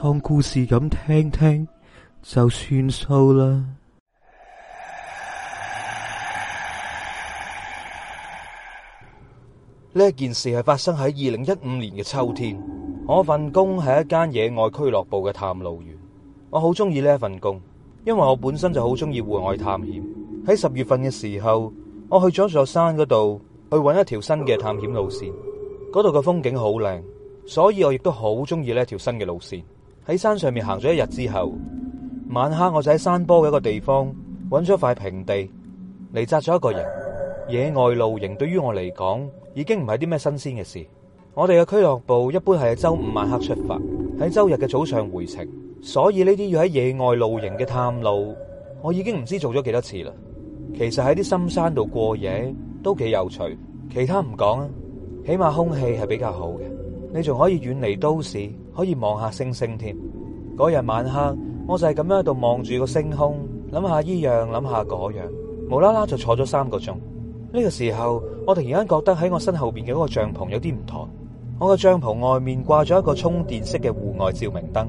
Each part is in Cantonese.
當故事咁聽聽就算數啦。呢件事係發生喺二零一五年嘅秋天。我份工係一間野外俱樂部嘅探路員。我好中意呢一份工，因為我本身就好中意戶外探險。喺十月份嘅時候，我去咗座山嗰度去搵一條新嘅探險路線。嗰度嘅風景好靚，所以我亦都好中意呢一條新嘅路線。喺山上面行咗一日之後，晚黑，我就喺山坡嘅一個地方揾咗塊平地嚟紮咗一個人。野外露營對於我嚟講已經唔係啲咩新鮮嘅事。我哋嘅俱樂部一般係喺周五晚黑出發，喺周日嘅早上回程，所以呢啲要喺野外露營嘅探路，我已經唔知做咗幾多次啦。其實喺啲深山度過夜都幾有趣，其他唔講啊，起碼空氣係比較好嘅。你仲可以遠離都市，可以望下星星添。嗰日晚黑，我就係咁樣喺度望住個星空，諗下依樣諗下嗰樣，無啦啦就坐咗三個鐘。呢個時候，我突然間覺得喺我身後邊嘅嗰個帳篷有啲唔妥。我個帳篷外面掛咗一個充電式嘅戶外照明燈，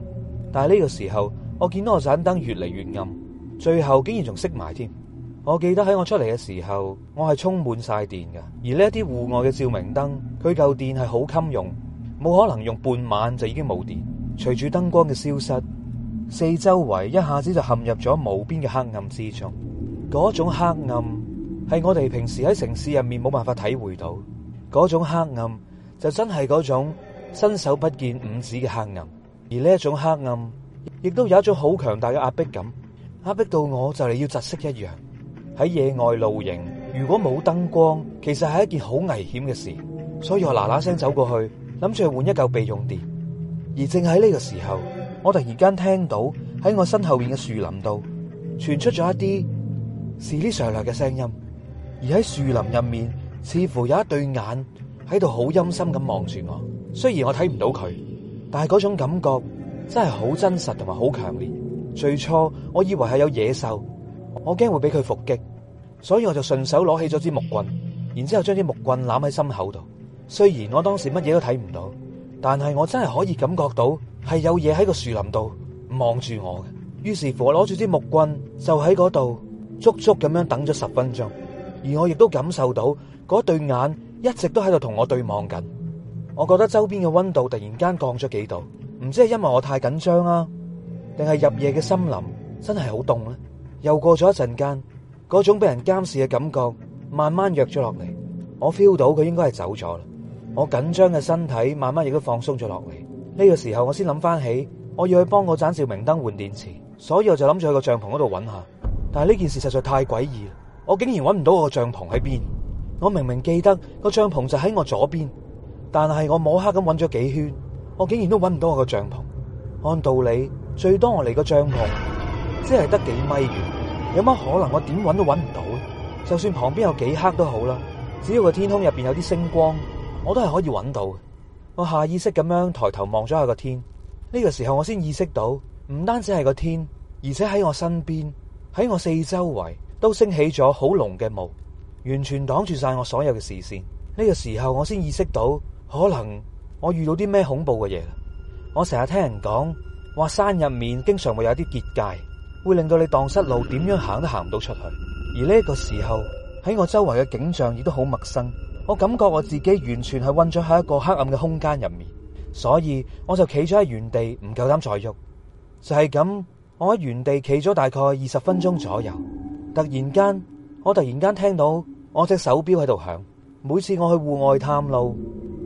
但係呢個時候，我見到個盞燈越嚟越暗，最後竟然仲熄埋添。我記得喺我出嚟嘅時候，我係充滿晒電嘅，而呢一啲戶外嘅照明燈，佢嚿電係好襟用。冇可能用半晚就已經冇電。隨住燈光嘅消失，四周圍一下子就陷入咗無邊嘅黑暗之中。嗰種黑暗係我哋平時喺城市入面冇辦法體會到。嗰種黑暗就真係嗰種伸手不見五指嘅黑暗。而呢一種黑暗亦都有一種好強大嘅壓迫感，壓迫到我就嚟要窒息一樣。喺野外露營，如果冇燈光，其實係一件好危險嘅事。所以我嗱嗱聲走過去。諗住去換一嚿備用電，而正喺呢個時候，我突然間聽到喺我身後邊嘅樹林度傳出咗一啲是啲上上嘅聲音，而喺樹林入面，似乎有一對眼喺度好陰森咁望住我。雖然我睇唔到佢，但係嗰種感覺真係好真實同埋好強烈。最初我以為係有野獸，我驚會俾佢伏擊，所以我就順手攞起咗支木棍，然之後將啲木棍攬喺心口度。雖然我當時乜嘢都睇唔到，但係我真係可以感覺到係有嘢喺個樹林度望住我嘅。於是乎，我攞住支木棍就喺嗰度足足咁樣等咗十分鐘，而我亦都感受到嗰對眼一直都喺度同我對望緊。我覺得周邊嘅溫度突然間降咗幾度，唔知係因為我太緊張啊，定係入夜嘅森林真係好凍咧？又過咗一陣間，嗰種俾人監視嘅感覺慢慢弱咗落嚟，我 feel 到佢應該係走咗啦。我緊張嘅身體慢慢亦都放鬆咗落嚟，呢個時候我先諗翻起我要去幫我盞照明燈換電池，所以我就諗住去個帳篷嗰度搵下。但係呢件事實在太詭異，我竟然搵唔到我個帳篷喺邊。我明明記得個帳篷就喺我左邊，但係我摸黑咁搵咗幾圈，我竟然都搵唔到我個帳篷。按道理，最多我嚟個帳篷即係得幾米遠，有乜可能我點搵都搵唔到？就算旁邊有幾黑都好啦，只要個天空入邊有啲星光。我都係可以揾到嘅。我下意識咁樣抬頭望咗下個天，呢個時候我先意識到，唔單止係個天，而且喺我身邊、喺我四周圍都升起咗好濃嘅霧，完全擋住晒我所有嘅視線。呢個時候我先意識到，可能我遇到啲咩恐怖嘅嘢。我成日聽人講，話山入面經常會有啲結界，會令到你蕩失路，點樣行都行唔到出去。而呢個時候喺我周圍嘅景象亦都好陌生。我感覺我自己完全係困咗喺一個黑暗嘅空間入面，所以我就企咗喺原地，唔夠膽再喐。就係咁，我喺原地企咗大概二十分鐘左右。突然間，我突然間聽到我隻手錶喺度響。每次我去戶外探路，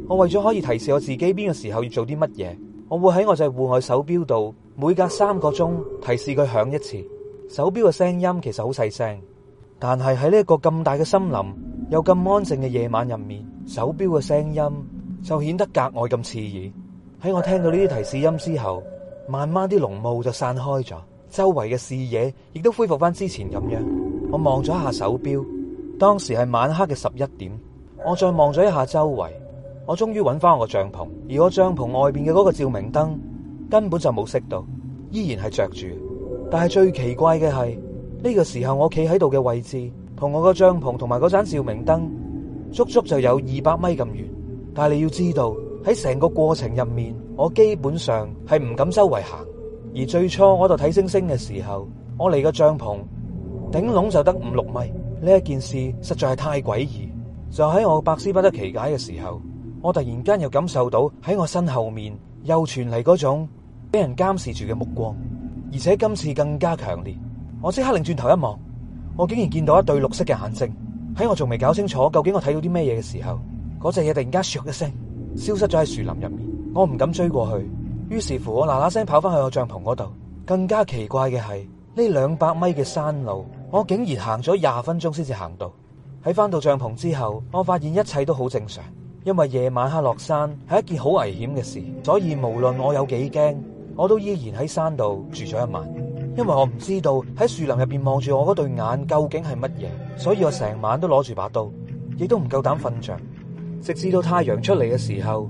我為咗可以提示我自己邊個時候要做啲乜嘢，我會喺我隻戶外手錶度每隔三個鐘提示佢響一次。手錶嘅聲音其實好細聲，但係喺呢一個咁大嘅森林。有咁安靜嘅夜晚入面，手表嘅聲音就顯得格外咁刺耳。喺我聽到呢啲提示音之後，慢慢啲濃霧就散開咗，周圍嘅視野亦都恢復翻之前咁樣。我望咗一下手表，當時係晚黑嘅十一點。我再望咗一下周圍，我終於揾翻我個帳篷，而我帳篷外邊嘅嗰個照明燈根本就冇熄到，依然係着住。但係最奇怪嘅，係呢個時候我企喺度嘅位置。同我個帳篷同埋嗰盞照明燈，足足就有二百米咁遠。但係你要知道，喺成個過程入面，我基本上係唔敢周圍行。而最初我度睇星星嘅時候，我嚟個帳篷頂籠就得五六米。呢一件事實在係太詭異。就喺我百思不得其解嘅時候，我突然間又感受到喺我身後面又傳嚟嗰種俾人監視住嘅目光，而且今次更加強烈。我即刻擰轉，轉頭一望。我竟然見到一對綠色嘅眼睛，喺我仲未搞清楚究竟我睇到啲咩嘢嘅時候，嗰隻嘢突然間唰一聲消失咗喺樹林入面。我唔敢追過去，於是乎我嗱嗱聲跑翻去我帳篷嗰度。更加奇怪嘅係，呢兩百米嘅山路，我竟然行咗廿分鐘先至行到。喺翻到帳篷之後，我發現一切都好正常，因為夜晚黑落山係一件好危險嘅事，所以無論我有幾驚，我都依然喺山度住咗一晚。因為我唔知道喺樹林入邊望住我嗰對眼究竟係乜嘢，所以我成晚都攞住把刀，亦都唔夠膽瞓着，直至到太陽出嚟嘅時候，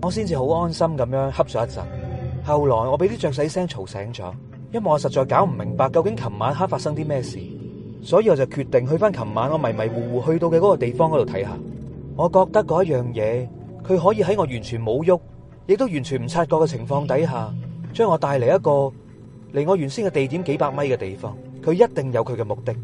我先至好安心咁樣，瞌咗一陣。後來我俾啲雀仔聲嘈醒咗，因為我實在搞唔明白究竟琴晚黑發生啲咩事，所以我就決定去翻琴晚我迷迷糊糊去到嘅嗰個地方嗰度睇下。我覺得嗰一樣嘢，佢可以喺我完全冇喐，亦都完全唔察覺嘅情況底下，將我帶嚟一個。嚟我原先嘅地點幾百米嘅地方，佢一定有佢嘅目的。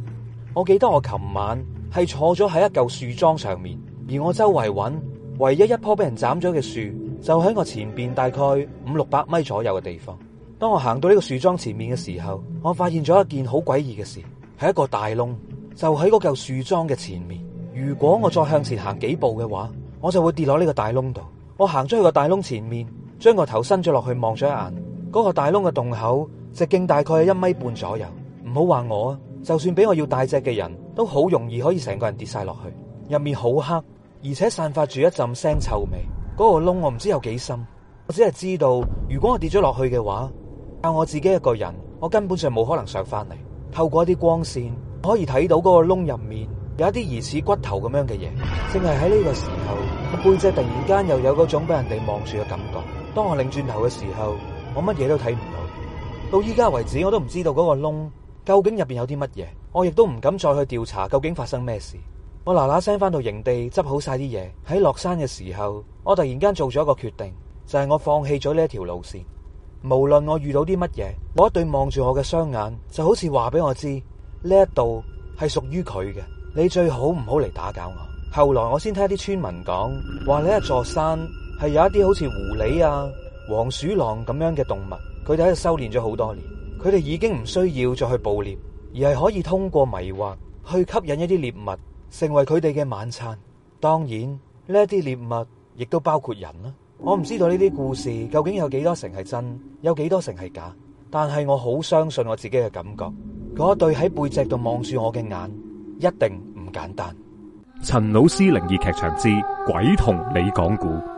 我記得我琴晚係坐咗喺一舊樹樁上面，而我周圍揾唯一一棵俾人斬咗嘅樹，就喺我前邊大概五六百米左右嘅地方。當我行到呢個樹樁前面嘅時候，我發現咗一件好詭異嘅事，係一個大窿就喺嗰嚿樹樁嘅前面。如果我再向前行幾步嘅話，我就會跌落呢個大窿度。我行咗去個大窿前面，將個頭伸咗落去望咗一眼，嗰個大窿嘅洞口。直徑大概係一米半左右，唔好話我啊，就算比我要大隻嘅人都好容易可以成個人跌晒落去，入面好黑，而且散發住一陣腥臭味。嗰個窿我唔知有幾深，我只係知道如果我跌咗落去嘅話，靠我自己一個人，我根本上冇可能上翻嚟。透過一啲光線，可以睇到嗰個窿入面有一啲疑似骨頭咁樣嘅嘢。正係喺呢個時候，我背脊突然間又有嗰種俾人哋望住嘅感覺。當我擰轉頭嘅時候，我乜嘢都睇唔。到依家為止，我都唔知道嗰個窿究竟入邊有啲乜嘢，我亦都唔敢再去調查究竟發生咩事。我嗱嗱聲翻到營地，執好晒啲嘢。喺落山嘅時候，我突然間做咗一個決定，就係我放棄咗呢一條路線。無論我遇到啲乜嘢，我一對望住我嘅雙眼，就好似話俾我知呢一度係屬於佢嘅。你最好唔好嚟打攪我。後來我先聽啲村民講，話呢一座山係有一啲好似狐狸啊、黃鼠狼咁樣嘅動物。佢哋喺度修煉咗好多年，佢哋已經唔需要再去捕獵，而係可以通過迷惑去吸引一啲獵物成為佢哋嘅晚餐。當然，呢啲獵物亦都包括人啦。我唔知道呢啲故事究竟有幾多成係真，有幾多成係假，但係我好相信我自己嘅感覺。嗰對喺背脊度望住我嘅眼一定唔簡單。陳老師靈異劇場之鬼同你講故。